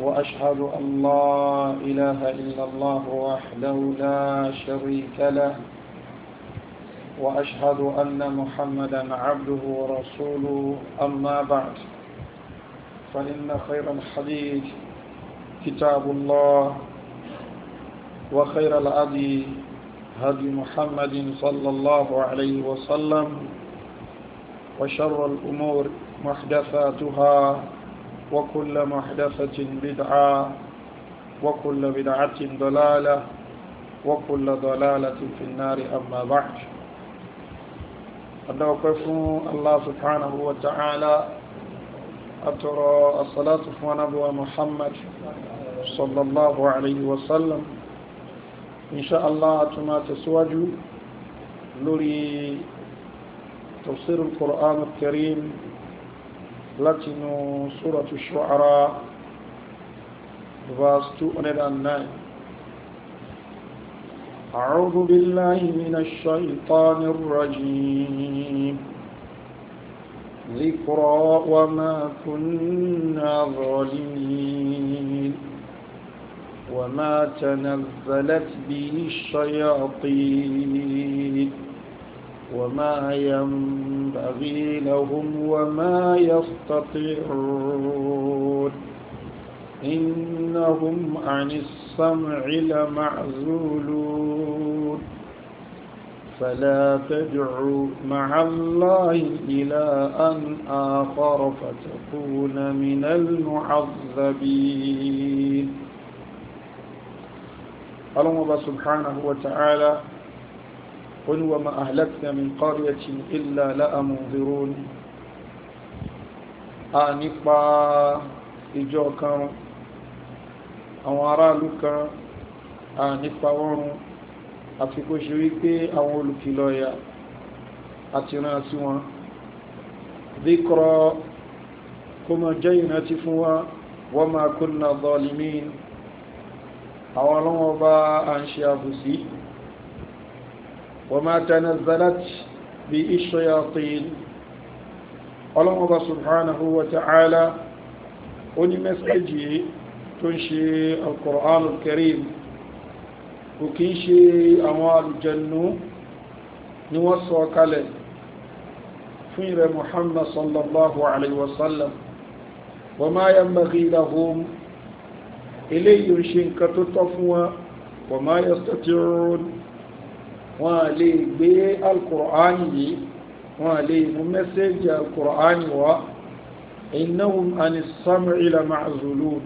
وأشهد أن لا إله إلا الله وحده لا شريك له وأشهد أن محمدا عبده ورسوله أما بعد فإن خير الحديث كتاب الله وخير الأدي هدي محمد صلى الله عليه وسلم وشر الأمور محدثاتها وكل محدثة بدعة وكل بدعة ضلالة وكل ضلالة في النار أما بعد أدوقف الله سبحانه وتعالى أترى الصلاة ونبوة محمد صلى الله عليه وسلم إن شاء الله أتما تسواج لوري تفسير القرآن الكريم látinú suratu Shu'ara verse 209 أعوذ بالله من الشيطان الرجيم ذكرى وما كنا ظالمين وما تنزلت به الشياطين وما ينبغي لهم وما يستطيعون إنهم عن السمع لمعزولون فلا تدعوا مع الله إلى أن آخر فتكون من المعذبين الله سبحانه وتعالى قل وما أهلكنا من قرية إلا لأمنذرون a nípa ìjọ kan àwọn aráàlú kan a nípa wọ́run àfi kó ṣe wípé àwọn olùkìlọ̀ ẹ̀yà àti ràn sí wọn díkọrọ kó mọ jẹ́ ìrántí fún wa wọ́n máa kunna zalimin àwọn ọlọ́wọ́ bá a ń ṣe àbùsí وما تنزلت به الشياطين ọlọ́mọba subhanahu wa ta'ala ó ní mẹ́sẹ̀jì tó ń ṣe al-Qur'an al-Karim kò kí ń ṣe àwọn alùjẹnu ni wọ́n sọ kalẹ̀ fún ìrẹ Muhammad sallallahu alaihi wasallam wa ma yanbaghi lahum eléyìí ń ṣe nǹkan tó tọ́ fún wa wa ma yastati'un wọn lè gbé alukur'an yìí wọn lè mú mẹ́sẹ̀gì alukur'an wá innahum ani sam'i la ma'zulun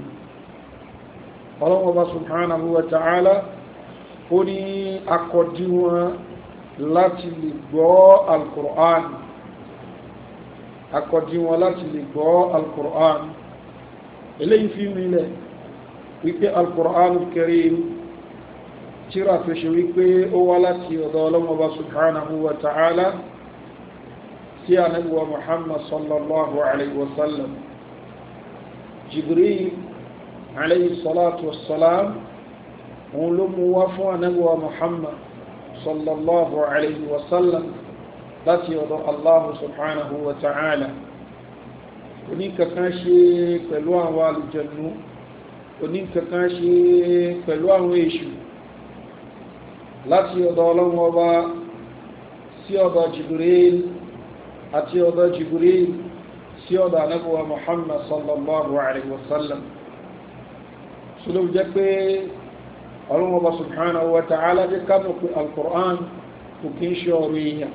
ọlọ́wọ́ bá subhanahu wa ta'ala ó ní akọ̀dí láti lè gbọ́ alukur'an akọ̀dí láti lè gbọ́ alukur'an eléyìí fi wípé alukur'an karim tíra tó ṣe wípé ó wá láti ọ̀dọ̀ ọlọ́mọba subhanahu wa ta'ala sí anábíwa muhammad sallallahu alaihi wasallam jibril alaihi salatu wassalam òun ló mú wá fún anábíwa muhammad sallallahu alaihi wasallam láti ọ̀dọ̀ allahu subhanahu wa ta'ala oníkankan ṣe pẹ̀lú àwọn alùjẹ̀nu oníkankan ṣe pẹ̀lú àwọn èṣù láti ọ̀dọ̀ ọlọ́run ọba sí ọ̀dọ̀ jibril àti ọ̀dọ̀ jibril sí ọ̀dọ̀ anábọ̀wá muhammad sallallahu alayhi wa sallam sọlọ́ jẹ́ pé ọlọ́run ọba subhanahu wa ta'ala jẹ́ kánú pé alkur'an kò kí ń ṣe ọ̀rọ̀ èèyàn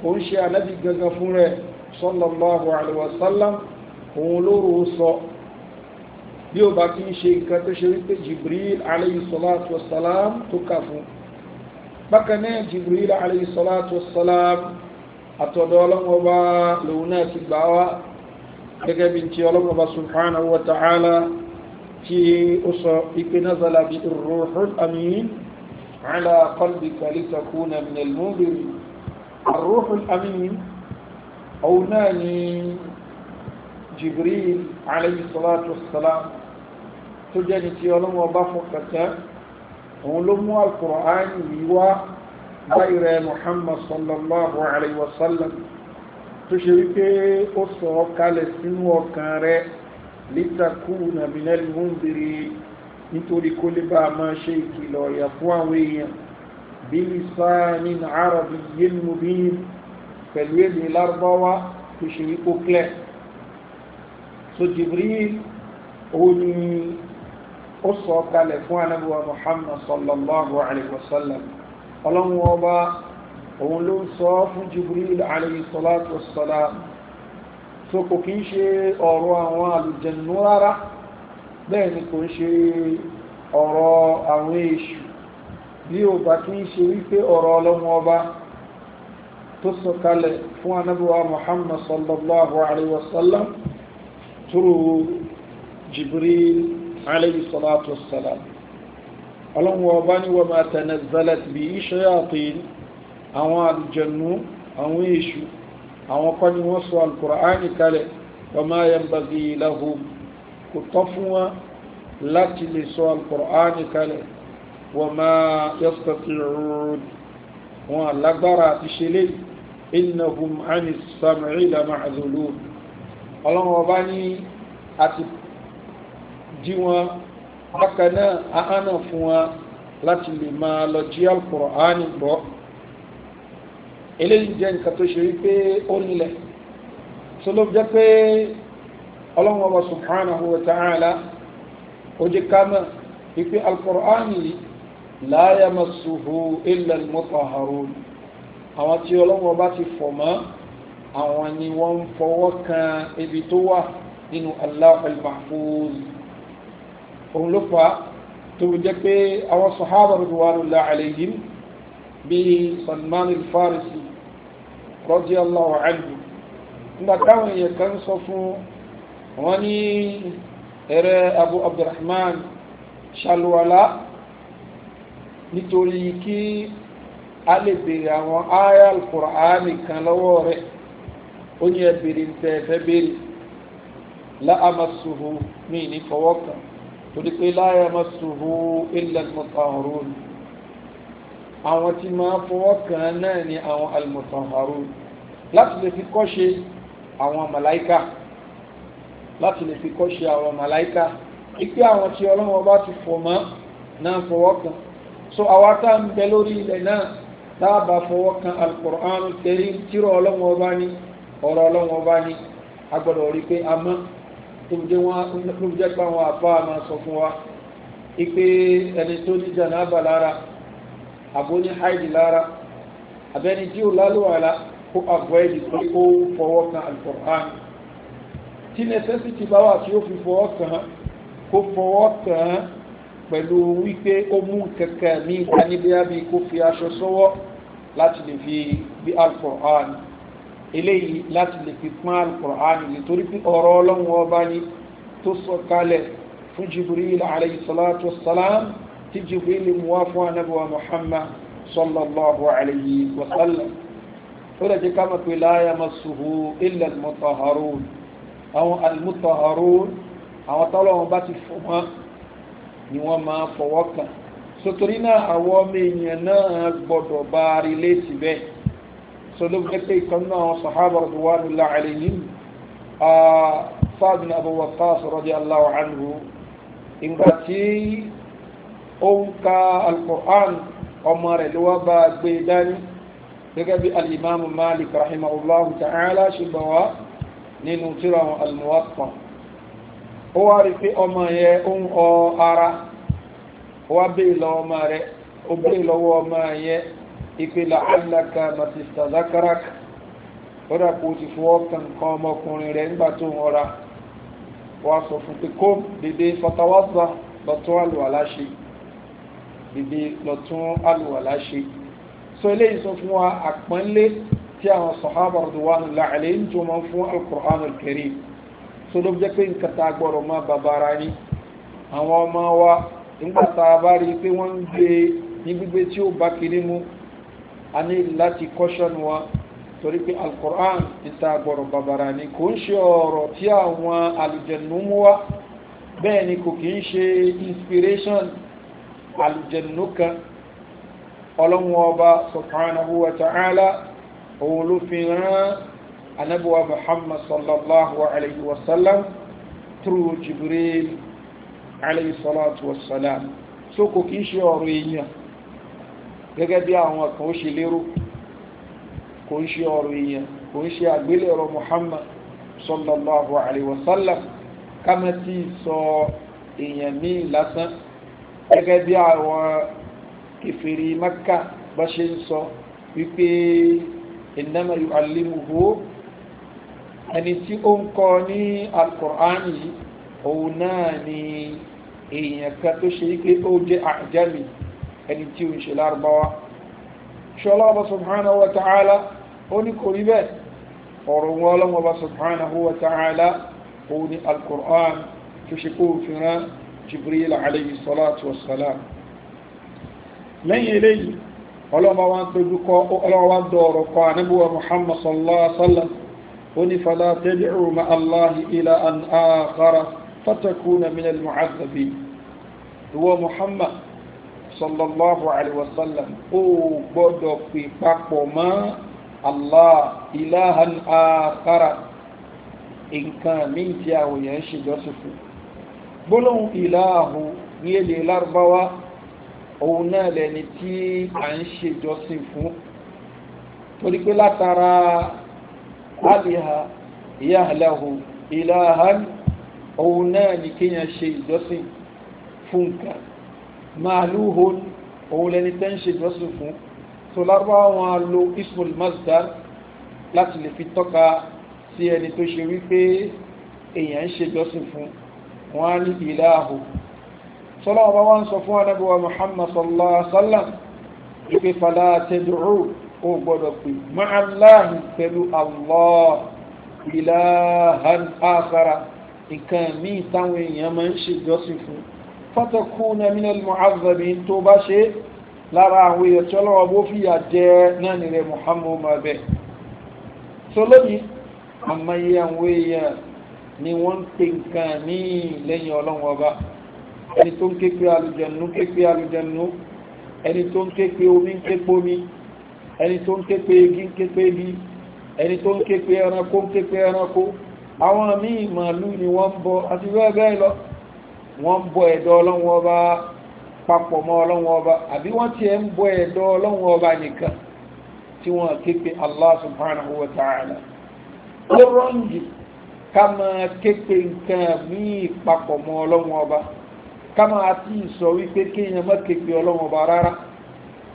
kò ń ṣe anábì gangan fún rẹ̀ sallallahu alayhi wa sallam òun lóru sọ bí ó bá kí ń ṣe nǹkan tó ṣe wípé jibril aleyhisalatu wasalam tó kà fún bákan náà jibril aleyhisalatu wasalam àtọ̀dọ̀ ọlọ́mọba lòun náà ti gbà wá gẹ́gẹ́ bí ti ọlọ́mọba subhanahu wa ta'ala tí ó sọ ipe nazala bi ruhul amin ala qalbika litakuna min al-munzir ar amin òun náà ni jibril aleyhisalatu wasalam tó jẹ́ ní tí ọlọ́run ọba fún kàtẹ́ òun ló mú alukur'an yìí wá báyìí rẹ̀ muhammad sallallahu alayhi wa sallam tó ṣe wípé ó sọ ọ́ kalẹ̀ sínú ọkàn rẹ̀ litakuna minal mundirin nítorí kó lè bá a máa ṣe ìkìlọ̀ ọ̀yà fún àwọn èèyàn bilisanin arabiyyin mubin pẹ̀lú èdè lárúbáwá tó ṣe wípé ó clear so jibril ó ní ó sọ kalẹ̀ fún anábíwá muhammad sallallahu alayhi wa sallam ọlọ́run ọba òun ló ń sọ fún jibril alayhi salatu wa salam tó kò kí ń ṣe ọ̀rọ̀ àwọn àlùjẹ̀nú rárá bẹ́ẹ̀ ni kò ń ṣe ọ̀rọ̀ àwọn èṣù bí ó bá kí ń ṣe wípé ọ̀rọ̀ ọlọ́run ọba tó sọ kalẹ̀ fún anábíwá muhammad sallallahu alayhi wa sallam turu jibril alayhi salatu wassalam ọlọ́run ọba ní wọ́n máa tanazzalat bí iṣẹ́ àtìyìn àwọn àlùjànnú àwọn èṣù àwọn kọ́ ni wọ́n sọ alukùránì kalẹ̀ wọ́n máa yanbaghi lahum kò tọ́ fún wọn láti lè sọ alukùránì kalẹ̀ wọ́n máa yastati'un wọn lágbára àti ṣẹlẹ̀ innahum 'ani as-sam'i lama'zulun ọlọ́run ọba ní àti jí wọn bákan náà a hànà fún wọn láti lè máa lọ jí alukur'ani gbọ́ eléyìí jẹ́ nǹkan tó ṣe wípé ó nílẹ̀ tó ló jẹ́ pé ọlọ́run ọba subhanahu wa ta'ala ó jẹ́ ká mọ̀ wípé alukur'ani la yamassuhu illa al-mutahharun àwọn tí ọlọ́run ọba ti fọ̀ mọ́ àwọn ni wọ́n ń fọwọ́ kan ibi tó wà nínú Allahul Mahfuz òun ló fa tó jẹ́ pé àwọn sahaba ridwanullahi alayhim bíi Salman al-Farisi radiyallahu anhu nígbà táwọn èèyàn kan sọ fún wọn ní ẹrẹ Abu Abdurrahman ṣàlùwàlá nítorí kí a lè béèrè àwọn aya al kan lọ́wọ́ rẹ̀ ó ní ẹ béèrè ń tẹ́ fẹ́ béèrè la mi ní fọwọ́ kan torí pé la yamassuhu illa al-mutahharun àwọn tí máa fọwọ́ kàn náà ni àwọn al-mutahharun láti lè fi kọ́ṣe àwọn màláíkà láti lè fi kọ́ṣe àwọn màláíkà ipe àwọn tí ọlọ́wọ́ bá ti fọ̀ mọ́ náà fọwọ́ kàn so àwa tá ń bẹ lórí ilẹ̀ náà dábàá fọwọ́ kan al-Qur'an al-Karim ọlọ́wọ́ bá ní ọ̀rọ̀ ọlọ́wọ́ bá ní agbọ́dọ̀ rí pé a mọ́ ìdí wọn ló jẹ́ pé àwọn àbá máa sọ fún wa ipe ẹni tó ní jànáàbà lára àbó ní haidi lára àbẹ́ni tí ó lálùwàlá kó avoid pé ó fọwọ́ kan alukur'an tí necessity bá wà tí ó fi fọwọ́ kan kó fọwọ́ kan pẹ̀lú wípé ó mú kẹ̀kẹ́ mi ká níbi àbí kó fi aṣọ sọ́wọ́ láti lè fi bí alukur'an eléyìí láti lè fi pọ́n alukur'an nítorí pé ọ̀rọ̀ ọlọ́run ọba ni tó sọ kalẹ̀ fún jibril alayhi salatu salam tí jibril mú wá fún anabiwa muhammad sallallahu alayhi wa sallam ó lè jẹ́ ká mọ̀ pé láyà masuhu illa almutaharun àwọn almutaharun àwọn tọ́lọ́run bá ti fún wọn ni wọ́n máa fọwọ́ kàn sotori náà àwọn ọmọ èèyàn náà gbọ́dọ̀ bá rí létí bẹ́ẹ̀ sọlọ́bù gẹ́gẹ́ ìkànnì àwọn sàhábà radiyallahu alaihim Sa'd bin Abu Waqqas radiyallahu anhu ìgbà tí ó ń ka al-Qur'an ọmọ rẹ̀ ló wá bá gbé dání gẹ́gẹ́ bí al-Imam Malik rahimahullahu ta'ala ṣe bá wa nínú tírà àwọn al-Muwatta ó wá rí pé ọmọ yẹn ó ń ọ ara ó wá bèè lọ́wọ́ ọmọ rẹ̀ ó bèè lọ́wọ́ ọmọ yẹn ìpìlẹ̀ alaka matista zakarak ó dàpọ̀ ti fọwọ́ kan kan ọmọkùnrin rẹ̀ nígbà tó ń ọra wàá sọ fún pé kó dìde fatawaza lọ́tún àlùwàlá ṣe dìde lọ́tún àlùwàlá ṣe sọ eléyìí sọ fún wa àpọ́nlé tí àwọn sọ̀hábà rọ̀dùwánù láàlẹ́ ń tó máa ń fún alukur'an alkarim tó ló jẹ́ pé nǹkan tá a gbọ́dọ̀ máa bàbára ní àwọn ọmọ wa nígbà tá a bá rí i pé wọ́n ń gbé ní gbígbé tí ó bá kiri mu a ní láti kọ́ṣọ́nù wa torí pé alukur'an níta gbọ́rọ̀ bàbàrà ni kò ń ṣe ọ̀rọ̀ tí àwọn alùjẹ̀nù mú wa bẹ́ẹ̀ ni kò kì í ṣe inspiration alùjẹ̀nù kan ọlọ́run ọba subhanahu wa anabuwa muhammad sallallahu alayhi wa sallam through jibril alayhi salatu wa salam so kò kì í ṣe ọ̀rọ̀ èèyàn gẹ́gẹ́ bí àwọn kan ó ṣe lérò kò ń ṣe ọ̀rọ̀ èèyàn kò ń ṣe àgbélẹ̀rọ Muhammad sallallahu alayhi wa sallam kama ti sọ èèyàn míì lásán gẹ́gẹ́ bí àwọn kèfèrí Makka bá ṣe ń sọ wípé innama yu'allimuhu ẹni tí ó ń kọ́ ní al yìí òun náà ni èèyàn kan tó ṣe wípé ó jẹ́ àjámì ẹni tí ó ń ṣe lárúbáwá ṣọlá ọba subhanahu wa ta'ala ó ní kò rí bẹ́ẹ̀ ọ̀rọ̀ wọn ọlọ́wọ́ ọba subhanahu wa ta'ala ó ní alkur'an tó ṣe kó òfin rán jibril alayhi salatu wa salam lẹ́yìn eléyìí ọlọ́wọ́ wa ń tójú kọ́ ọlọ́wọ́ wa ń dọ̀ọ̀rọ̀ kọ́ anábíwá muhammad sallallahu alaihi wa sallam ó ní fala tad'u ma allahi ila an akhara fatakuna min al-mu'adhabin ìwọ muhammad sallallahu alayhi wa sallam ó gbọ́dọ̀ pè papọ̀ mọ́ allah ilahan akara nǹkan míì tí àwọn èèyàn ṣe jọ́sìn fún gbólóhùn ìlàhù ní èdè lárúbáwá òun náà lẹni tí a ń ṣe jọ́sìn fún torí pé látara aliha yahlahu ilahan òun náà ni kéèyàn ṣe ìjọ́sìn fún nǹkan màálùhùn òun lẹni tẹ́ ń ṣe ìjọsìn fún tó lárúbáwá wọn lo ismul masdar láti lè fi tọ́ka sí ẹni tó ṣe wípé èèyàn ń ṣe ìjọsìn fún wọn á ní ìlàhù sọlọ́wọ́ bá wá ń sọ fún anábíwá muhammad sallallahu alaihi wa sallam ìpè fàlà tẹ̀dùrú ó gbọ́dọ̀ pé ma'aláhùn pẹ̀lú allah ìlàhàn àkàrà nǹkan míì táwọn èèyàn máa ń ṣe ìjọsìn fún fatakuna minal mu'azzabin tó bá ṣe lára àwọn èèyàn tí ọlọ́wọ́ bó fìyà jẹ náà nìrẹ̀ muhammadu mabẹ́ tó lónìí àmọye àwọn èèyàn ni wọ́n ń pe nǹkan ní lẹ́yìn ọlọ́wọ́ ọba ẹni tó ń ké pé alùjẹ̀nu ké pé alùjẹ̀nu ẹni tó ń ké pé omi ń ké pé omi ẹni tó ń ké pé igi ń ké pé igi ẹni tó ń ké pé ẹranko ń ké pé ẹranko àwọn míì màálù ni wọ́n ń bọ àti bẹ́ẹ̀ bẹ́ẹ̀ lọ wọ́n ń bọ ẹ̀dọ̀ ọlọ́run ọba papọ̀ mọ́ ọlọ́run ọba àbí wọ́n ti ẹ̀ ń bọ ẹ̀dọ̀ ọlọ́run ọba nìkan tí wọ́n ké pe Allah subhanahu wa ta'ala ó rọ́ǹgì ká máa ké pe nǹkan míì papọ̀ mọ́ ọlọ́run ọba ká máa ti sọ wípé kéèyàn má ké pe ọba rárá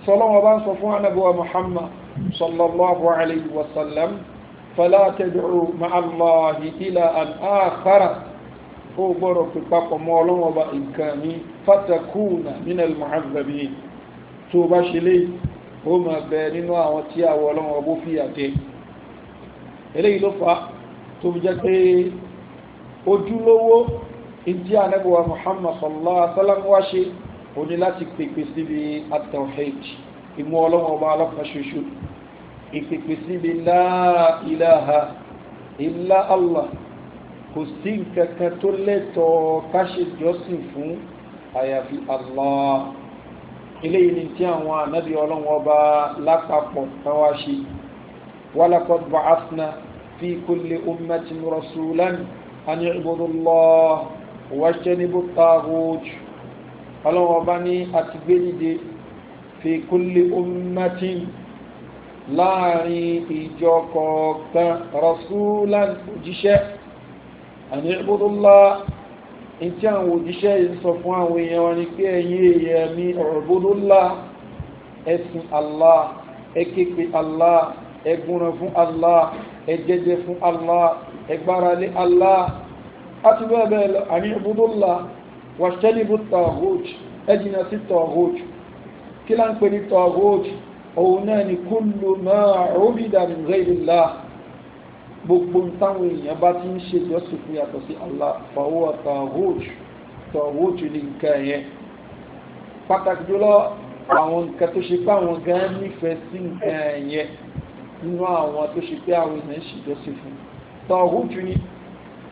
sọlọ́run ọba ń sọ fún anábíwá Muhammad sallallahu alayhi wa sallam fala tad'u ma'a Allahi ilahan akhara ó gbọ́dọ̀ fi papọ̀ mọ́ ọlọ́run ọba nǹkan mi fatakuna minal mu'azzabin tó bá ṣe lé ó mà bẹ nínú àwọn tí àwọn ọlọ́run ọba fi àjẹ eléyìí ló fa tó fi jẹ́ pé ojúlówó ìdí ànẹ́bùwà Muhammad sallallahu alaihi wasallam wá ṣe ó ní láti pèpè síbi at ìmú ọlọ́run ọba aláfà ṣoṣo ìpèpè síbi la ilaha illa Allah kò sí nǹkan kan tó lẹ́tọ̀ọ́ ká ṣe jọ́sìn fún àyàfi Allah eléyìí ni tí àwọn ànábì ọlọ́run ọba lápapọ̀ kan wá ṣe walaqad ba'athna fi kulli ummatin rasulan an i'budu Allah wajtanibu taghut ọlọ́run ọba ní àtìgbédìde fi kulli ummatin láàrin ìjọ kọ̀ọ̀kan rasulan òjíṣẹ́ àní ìbúdúlá tí àwọn òjíṣẹ́ yìí sọ fún àwọn èèyàn wọn ni pé ẹ̀yin èèyàn mi ọ̀rọ̀búdúlá ẹ̀sìn Allah ẹ̀képe Allah ẹ̀gúnran fún Allah ẹ̀jẹjẹ fún Allah ẹ̀gbáralé Allah àti bẹ́ẹ̀ bẹ́ẹ̀ lọ àní ìbúdúlá wàṣẹ́nibú tàhój ẹ̀jìnà sí tàhój kí láǹpẹ̀ ní tàhój gbogbo táwọn èèyàn bá ti ń ṣe ìjọsìn fún yàtọ̀ sí Allah fàwọ́ tàwọ́jù tàwọ́jù ní nǹkan ẹ̀yẹn pàtàkì jùlọ àwọn nǹkan tó ṣe pé àwọn gan nífẹ̀ẹ́ sí nǹkan ẹ̀yẹn nínú àwọn tó ṣe pé àwọn èèyàn ń ṣe ìjọsìn fún tàwọ́jù ni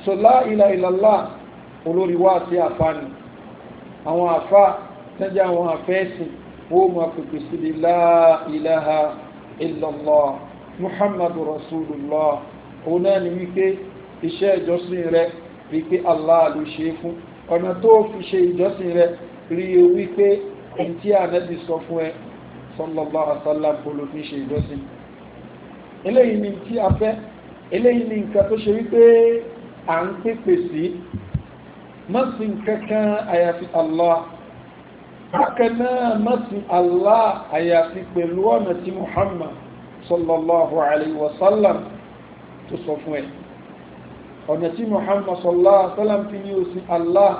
sọlá ilà ìlàlá olórí wá sí àwọn àfa tẹ́jà àwọn àfẹ́sìn ó máa ilaha illallah muhammadu rasulullah òun náà ni wípé iṣẹ́ ìjọsìn rẹ rí pé Allah ló ṣe é fún ọ̀nà tó fi ṣe ìjọsìn rẹ rí i wípé ohun tí ànábì sọ fún ẹ sallallahu alaihi wasallam ló fi ṣe ìjọsìn eléyìí ni tí a fẹ́ eléyìí ni nǹkan tó ṣe wípé à ń pèpè sí mọ́sìn kankan àyàfi Allah bákan náà mọ́sìn Allah àyàfi pẹ̀lú ọ̀nà tí Muhammad sallallahu alaihi wasallam tó sọ fún ẹ ọ̀nà tí muhammad sallallahu alaihi wasallam fi ní òsì allah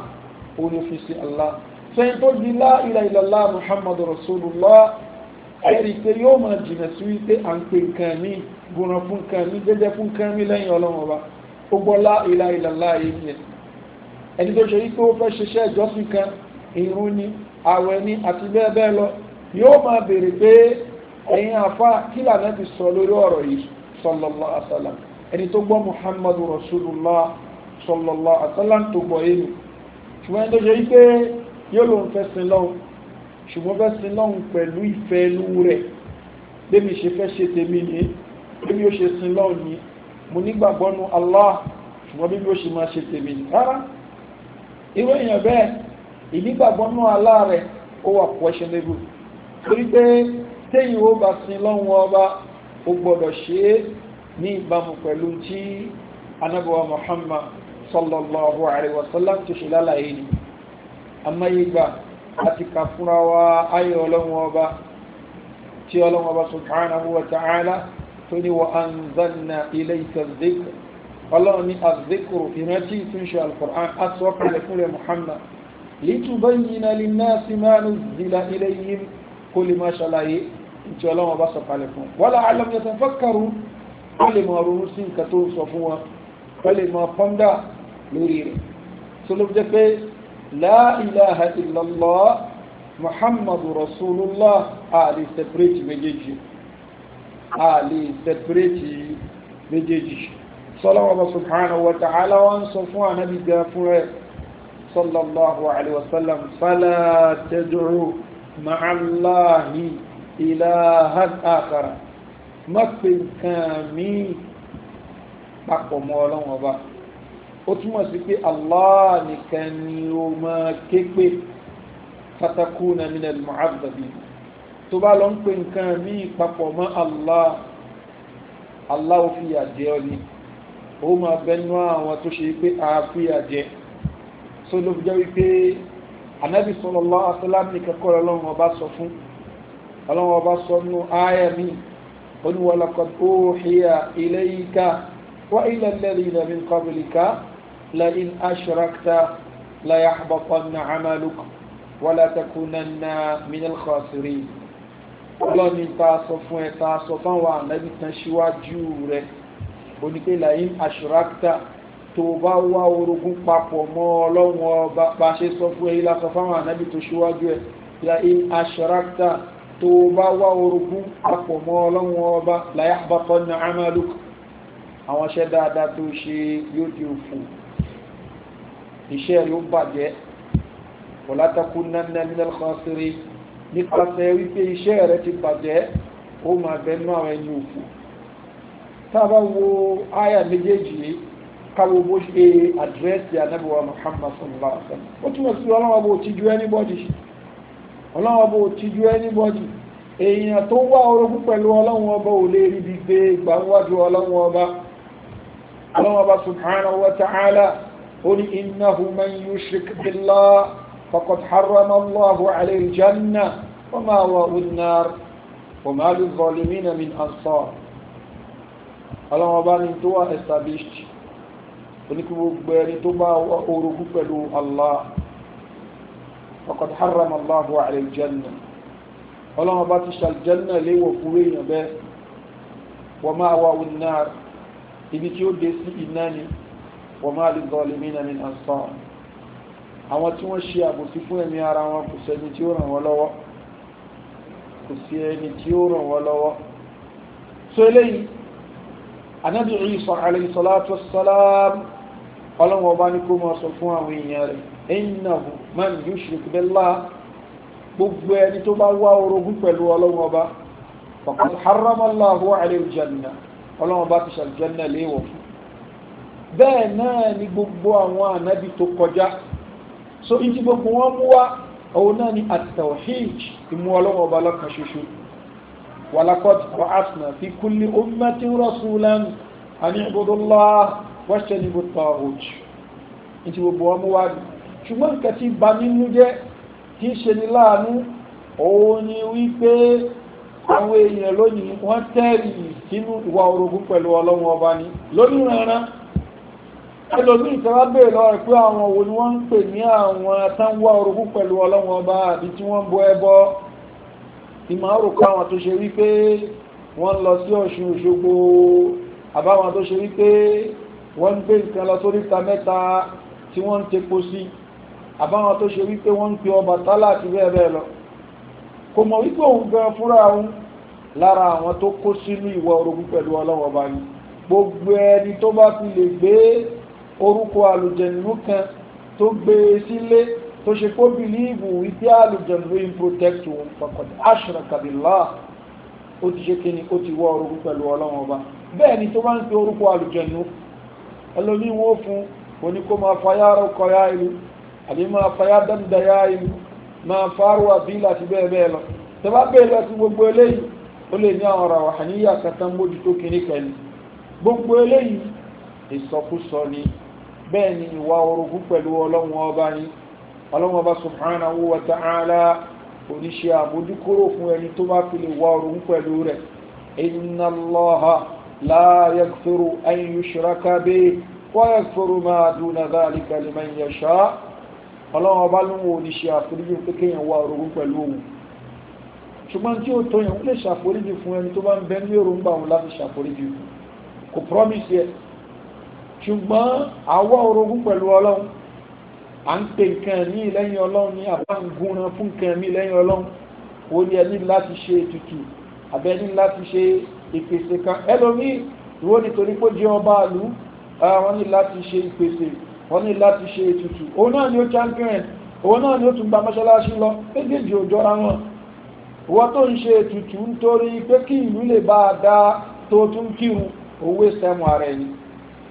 òun ò fi sí allah sẹ́yìn tó di la ilaha illallah muhammad rasulullah ẹ̀rí pé yóò máa jìnà sí wípé à ń pè nǹkan mi gbọ́nà fún nǹkan mi jẹ́jẹ́ fún nǹkan mi lẹ́yìn ọlọ́run ọba ó gbọ́ la ilaha yìí yẹn ẹni tó ṣe wípé ó fẹ́ ṣiṣẹ́ ìjọsìn kan ìrun ni àwẹ̀ ni àti bẹ́ẹ̀ bẹ́ẹ̀ lọ yóò máa béèrè pé ẹ̀yin àfa kí ti sọ lórí ọ̀rọ̀ yìí sallallahu alaihi ẹni tó gbọ́ muhammadu rasulullah sallallahu alaihi wasallam tó gbọ́ yé mi ṣùgbọ́n ẹni tó ṣe wípé yóò lòun fẹ́ sin lọ́hùn ṣùgbọ́n fẹ́ sin lọ́hùn pẹ̀lú ìfẹ́ inú rẹ̀ bẹ́mi ṣe fẹ́ ṣe tèmi ni bẹ́mi ó ṣe sin lọ́hùn ni mo nígbàgbọ́ nu allah ṣùgbọ́n bẹ́mi ó ṣe máa ṣe tèmi ni rárá irú èèyàn bẹ́ẹ̀ ìnígbàgbọ́ nu allah rẹ̀ ó wà questionable torí pé téyìn ó bá sin lọ́hùn ọba ó gbọ́dọ̀ ṣe é ní ìbámu pẹ̀lú tí anábọ̀wá Muhammad sallallahu alaihi wasallam ti ṣe lálàyé ni amáyégbà àti kàfúnra wa ayé ọlọ́wọ́ ọba tí ọlọ́wọ́ ọba subhanahu wa ta'ala tó ní wa anzalna ilayka dhikr ọlọ́run ní azikuru ìrántí ìtúnṣe alkur'an asọ́kùnrin fúnlẹ̀ Muhammad litubayyina linnasi ma nuzzila ilayhim kó lè máa ṣàlàyé ìtì ọlọ́run ọba sọ̀kalẹ̀ fún wala allam yatafakkaru wọ́n lè máa ronú sí nǹkan tó sọ fún wọn wọ́n lè máa pọ́ndà lórí rẹ̀ tó ló jẹ́ pé la ilaha illallah muhammadu rasulullah a lè separate méjèèjì a lè separate méjèèjì sọlọ́wọ́ bá subhanahu wa ta'ala wọ́n sọ fún ànábì gan fún rẹ̀ sallallahu alaihi wasallam fala tad'u ma'allahi ilahan akhara má pe nǹkan míì papọ̀ mọ́ ọlọ́run ọba ó túmọ̀ sí pé Allah nìkan ni ó máa ké pé fatakuna minal mu'azzabin tó bá lọ ń pe nǹkan míì papọ̀ mọ́ Allah Allah ó fìyà jẹ ọ ni ó máa bẹnu àwọn tó ṣe pé a fìyà jẹ ló fi jẹ́ wípé anabi sallallahu alaihi wasallam nìkan kọ́ ọlọ́run ọba sọ fún ọlọ́run ọba sọ nù áyà míì. قل ولقد أوحي إليك وإلى الذين من قبلك لئن أشركت ليحبطن عملك ولا تكونن من الخاسرين ọlọ́ni ta sọ fún ẹ ta sọ fáwọn ànábì tán síwájú rẹ onípe làyín àṣùrákítà tó bá wá orogún papọ̀ mọ́ ọlọ́run ọba bá ṣe sọ fún ẹ yìí lásọ fáwọn ànábì tó síwájú ẹ làyín àṣùrákítà tó bá wá orogún papọ̀ mọ́ ọlọ́run ọba láyàbàtọ́ ní amaluk àwọn iṣẹ́ dáadáa tó ṣe yóò di òfò iṣẹ́ yóò bàjẹ́ ọ̀làtàkùn nánà minal khasirin nípasẹ̀ wípé iṣẹ́ rẹ ti bàjẹ́ ó máa bẹnu àwọn ẹni òfò tábà wo àyà méjèèjì yìí bó ṣe àdírẹ́sì anábìwá Muhammad sallallahu alaihi wasallam ó túmọ̀ sí ọlọ́wọ́ bó ti ju ẹni bọ́dì ọlọ́run ọba ò tijú anybody èèyàn tó wá orogún pẹ̀lú ọlọ́run ọba ò lè rí gbígbé ìgbà wájú ọlọ́run ọba ọlọ́run ọba subhanahu wa ta'ala ó ní innahu man yushrik billah faqad harrama allahu alayhi janna wa ma wa unnar wa ma tó bá orogún pẹ̀lú allah faqad harrama Allahu ala al-janna ọlọ́run bá ti ṣàlìjẹ́nà léwọ̀ fún èèyàn bẹ́ẹ̀ wa ma'wahu an-nar ibi tí ó dé sí iná ni wa ma lil-zalimina min ansar àwọn tí wọ́n ṣe àbòsí fún ẹ̀mí ara wọn kò sẹ́ni tí ó ràn wọ́n lọ́wọ́ kò sí ẹni tí ó ràn wọ́n lọ́wọ́ so eléyìí anábì Isa alayhi salatu wassalam ọlọ́run ọba ní kó mọ́ sọ fún àwọn èèyàn rẹ̀ innahu man yushrik billah gbogbo ẹni tó bá wá orogún pẹ̀lú ọlọ́run ọba faqad harrama Allahu alayhi al-janna ọlọ́run ọba ti ṣàlùjẹ́nà léèwọ̀ fún bẹ́ẹ̀ náà ni gbogbo àwọn ànábì tó kọjá so ìdí gbogbo wọn mú wá òun náà ni at-tawhid ìmú ọlọ́run ọba lọ́kan ṣoṣo walaqad ba'athna fi kulli ummatin rasulan an i'budu Allah wajtanibu at-taghut ìdí gbogbo wọn mú wá ni ṣùgbọ́n nǹkan tí bà nínú jẹ́ kì í ṣe ní láàánú òun ni wípé àwọn èèyàn lónìí wọ́n tẹ́rì sínú ìwà orogún pẹ̀lú ọlọ́run ọba ni lónìí rẹ̀rán ẹlòmí ìtara bèèrè lọ rẹ̀ pé àwọn wo ni wọ́n ń pè ní àwọn atánwá orogún pẹ̀lú ọlọ́run ọba àbí tí wọ́n bọ ẹbọ ìmọ̀ọ́rò kọ́ àwọn tó ṣe wípé wọ́n lọ sí ọ̀ṣun òṣogbo àbáwọn tó ṣe wípé wọ́n ń gbé nǹkan lọ sóríta mẹ́ta tí wọ́n ń tepo sí i àbáwọn tó ṣe wípé wọ́n ń pe Ọbàtálá àti bẹ́ẹ̀ bẹ́ẹ̀ lọ kò mọ̀ wípé òun gan fúnra òun lára àwọn tó kó sínú ìwà orogún pẹ̀lú ọlọ́wọ́ bá ní gbogbo ẹni tó bá fi lè gbé orúkọ àlùjẹ̀nù kan tó gbé e sílé tó ṣe kó bìlíìbù wípé àlùjẹ̀nù ń protect òun pàkọ́tà ashraka billah ó ti ṣe kíni ó ti wọ orogún pẹ̀lú ọlọ́wọ́ bá bẹ́ẹ̀ ni tó bá ń pe orúkọ àlùjẹ̀nù ẹlòmíín wó fún oníkó máa fa ọkọ̀ yá ìlú àbí máa fayá dáńdáyà ìlú máa fáruwà bílà àti bẹ́ẹ̀ bẹ́ẹ̀ lọ tó bá bẹ́ẹ̀ lọ sí gbogbo eléyìí ó lè ní àwọn ọ̀rọ̀ àníyà kata mójútó kiri pẹ̀lú gbogbo eléyìí ìsọkúsọ ni bẹ́ẹ̀ ni ìwà orogún pẹ̀lú ọlọ́run ọba ni ọlọ́run ọba subhanahu wa ta'ala oníṣẹ́ àbójúkúrò fún ẹni tó bá ọlọ́run ọba ló ń wo ní ṣe àforíjì pé kéèyàn wá orogún pẹ̀lú òun ṣùgbọ́n tí ó tó yẹn ó lè ṣàforíjì fún ẹni tó bá ń bẹ ní èròǹgbà òun láti ṣàforíjì fún kò promise yẹ ṣùgbọ́n àwa orogún pẹ̀lú ọlọ́run à ń pè nǹkan ní lẹ́yìn ọlọ́run ní àbá ń gúnran fún nǹkan mí lẹ́yìn ọlọ́run ó ní ẹni láti ṣe ètùtù àbẹ́ni láti ṣe ìpèsè kan ẹlòmíì ìwọ nítorí pé jẹ́ ọba àlú àwọn ní láti ṣe ìpèsè wọ́n ní láti ṣe ètùtù òun náà ni ó champion òun náà ni ó tún gba mọ́ṣáláṣí lọ méjèèjì ò jọra wọn wọ́n tó ń ṣe ètùtù nítorí pé kí ìlú lè bá a dá tó tún kírun owó ìsẹ́mu ara ẹni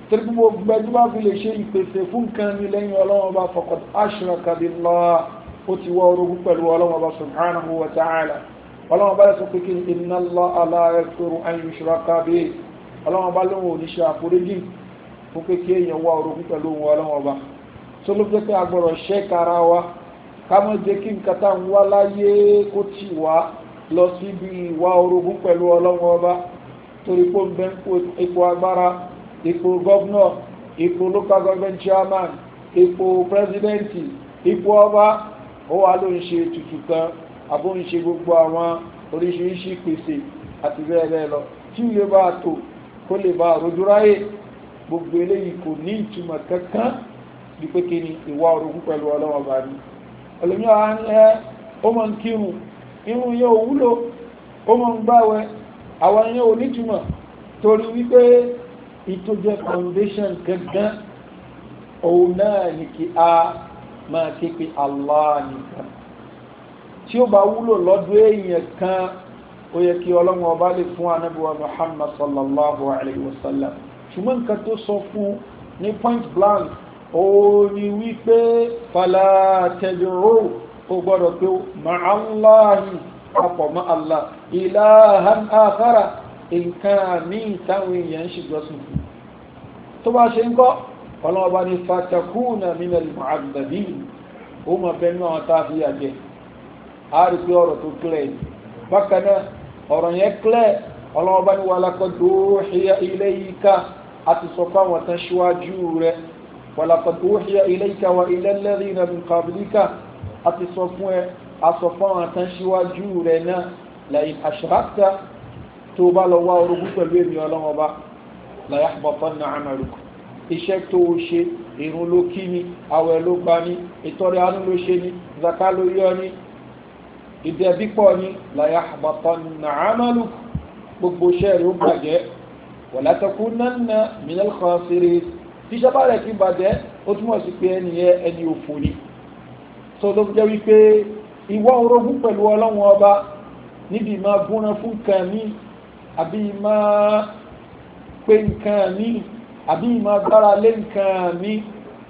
torí gbogbo bá fi lè ṣe ìpèsè fún nǹkan ní lẹ́yìn ọlọ́run bá faqad ashraka billah ó ti wọ orogún pẹ̀lú ọlọ́run bá subhanahu ọlọ́run bá sọ pé kí inna Allaha la yaghfiru an yushraka bihi ọlọ́run bá lóun ò ní ṣe àforíjì fún pé kí èèyàn wá orogún pẹ̀lú ohun ọlọ́wọ́n ọba tó ló fẹ́ pé a gbọ́dọ̀ ṣẹ́ kara wa ká mọ̀ jẹ́ kí nǹkan tá à ń wá láyé kó tì wá lọ síbi ìwà orogún pẹ̀lú ọlọ́wọ́n ọba torí pé ń bẹ ipò agbára ipò gọ́vnà ipò local government chairman ipò pírẹsidẹ́ǹtì ipò ọba ó wà ló ń ṣe tutù kan àbó ń ṣe gbogbo àwọn oríṣiríṣi pèsè àti bẹ́ẹ̀ bẹ́ẹ̀ lọ tí ìwé bá tò kó lè bá rojú gbogbo eléyìí kò ní ìtumọ̀ kankan bí pé kí ni ìwà orogún pẹ̀lú ọlọ́wọ́ bá ní ẹlòmíọ́ á ń ẹ́ ó mọ̀ ń kírun irun yẹn ò wúlò ó mọ̀ ń gbáwẹ́ àwọn yẹn ò nítumọ̀ torí wípé ìtòjẹ́ foundation gangan òun náà ni kí a máa ké pe Allah nìkan tí ó bá wúlò lọ́dún èèyàn kan ó yẹ kí ọlọ́run ọba lè fún anábíwá Muhammad sallallahu alayhi wa sallam ṣùgbọ́n nǹkan tó sọ fún ní point blank ó ni wípé fàlà tẹ̀lérò ó gbọ́dọ̀ pé màáláhì papọ̀ mọ́ Allah ilahan akhara nǹkan míì táwọn èèyàn ń ṣèjọsìn fún tó bá ṣe ń kọ́ ọlọ́wọ́ bá ní fatakuna minal mu'azzabin ó mọ̀ bẹ́ẹ̀ náà tá a fi yà jẹ́ a rí pé ọ̀rọ̀ tó kílẹ̀ yìí bákan náà ọ̀rọ̀ yẹn kílẹ̀ ọlọ́wọ́ bá ní wàlákọ̀ dóòhìyà ilayka àti sọ fáwọn tán ṣíwájú rẹ̀ walaqad uhiya ilayka wa ila alladhina min qablika àti sọ fún ẹ àsọ fáwọn tán ṣíwájú rẹ̀ náà la'in ashrakta tó bá lọ wá orogún pẹ̀lú èmi ọlọ́wọ́ bá la yahbatanna 'amaluka iṣẹ́ tó o ṣe ìrun ló kí ni àwẹ̀ ló gba ni ìtọrẹ àánú ló ṣe ni zaka ló yọ ni ìdẹ̀bí pọ̀ ni la yahbatanna 'amaluka gbogbo iṣẹ́ rẹ̀ ó bàjẹ́ wala takunanna minal khasirin tíṣẹ́ bá rẹ̀ kí n bàjẹ́ ó túmọ̀ sí pé ẹni yẹ ẹni òfò ni tó ló jẹ́ wípé ìwọ orogún pẹ̀lú ọlọ́run ọba níbi máa búra fún nǹkan mi àbí máa pé nǹkan mi àbí máa gbára lé nǹkan mi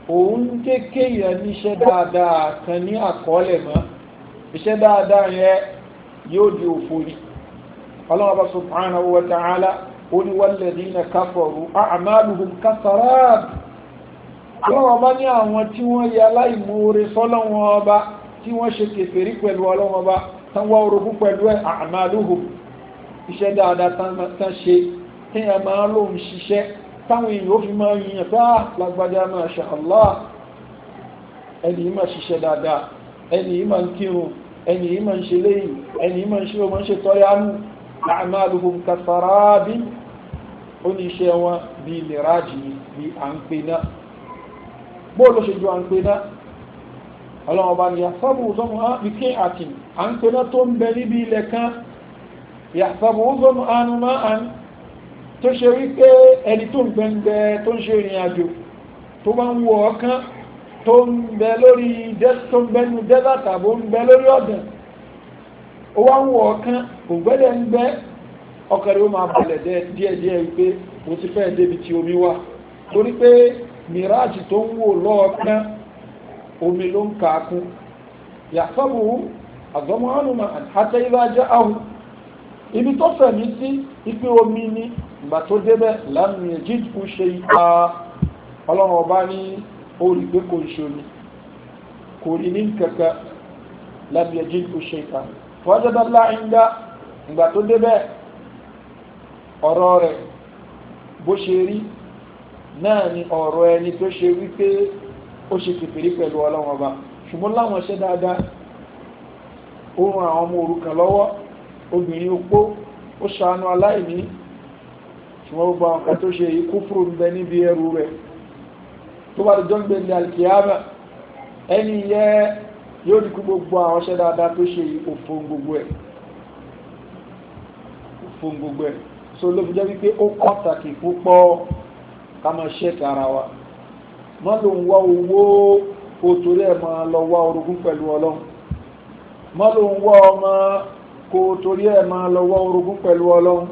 òun jẹ́ kéèyàn níṣẹ́ dáadáa kan ní àkọọ́lẹ̀ mọ́ iṣẹ́ dáadáa yẹn yóò di òfò ni ọlọ́run ọba subhanahu wa ta'ala oníwàlẹ̀dínà káfọ̀rú àmàlùhùn kásàráàd ọlọ́wọ́n bá ní àwọn tí wọ́n yẹ aláìmoore sọ́lọ́wọ́n ọba tí wọ́n ṣe kèfèrí pẹ̀lú ọlọ́wọ́n ọba tán wá orogún pẹ̀lú àmàlùhùn iṣẹ́ dáadáa tán ṣe tí a máa ló ń ṣiṣẹ́ táwọn èèyàn ó fi máa yìnyàn bá ah, lágbájá máa ṣe Allah ẹni yìí máa ṣiṣẹ́ dáadáa ẹni yìí máa ń kírun ẹni yìí máa ń ṣe léyìn ẹni yìí máa ń ṣe àmàlùhùn kàfàràbí oníṣẹ́ wọn bí mìíràjì bí à ń pè náà bóòlù ṣe ju à ń pè náà ọlọ́wọ́ bá ní yàtọ̀bù zọ́mù án ike àtìm à ń pè náà tó ń bẹ níbi ilẹ̀ kan yàtọ̀bù zọ́mù án máa tó ṣe wípé ẹni tó ń gbẹ̀ngbẹ̀ tó ń ṣe ìrìn àjò tó bá ń wọ ọkàn ó wá ń wọ ọkán ògbẹ́lẹ̀ ń gbẹ́ ọkàrí ó máa balẹ̀ díẹ̀díẹ̀ wípé mo ti fẹ́ débi tí omi wà torí pé mìíràjì tó ń wò lọ́ọ̀kán omi ló ń kàákún yàtọ̀bù àzọmọ́ ànùmá àtẹ́yìnlájá ibi tó fẹ̀mí sí ipe omi ni ìgbà tó débẹ̀ lánàá jíjù ṣe ipa ọlọ́run ọba ní orí pé kò ń ṣe omi kò rí ní kankan lábẹ́ ṣe wájọ́dọ́lá ìgbà ìgbà tó débẹ̀ ọ̀rọ̀ rẹ̀ bó ṣe rí náà ni ọ̀rọ̀ ẹni tó ṣe wípé ó ṣe kèfèrí pẹ̀lú ọlọ́wọ́n ọba ṣùgbọ́n láwọn ṣẹ́ dáadáa ó ran àwọn ọmọ òrukàn lọ́wọ́ obìnrin opó ó ṣàánú aláìní ṣùgbọ́n gbogbo àwọn kan tó ṣe kúfùrù ń bẹ níbi ẹrù rẹ̀ tó bá dọjọ́ ń gbé ní alkiyama ẹni yẹ yóò rí gbogbo àwọn ṣẹ́ dáadáa tó ṣe òfò gbogbo ẹ̀ òfò gbogbo ẹ̀ so ló fi jẹ́ wípé ó pàtàkì púpọ̀ ká máa ṣẹ́ẹ̀kì ara wa má ló ń wá owó kó torí ẹ̀ máa lọ wá orogún pẹ̀lú ọlọ́run má ló ń wá ọmọ kó torí ẹ̀ máa lọ wá orogún pẹ̀lú ọlọ́run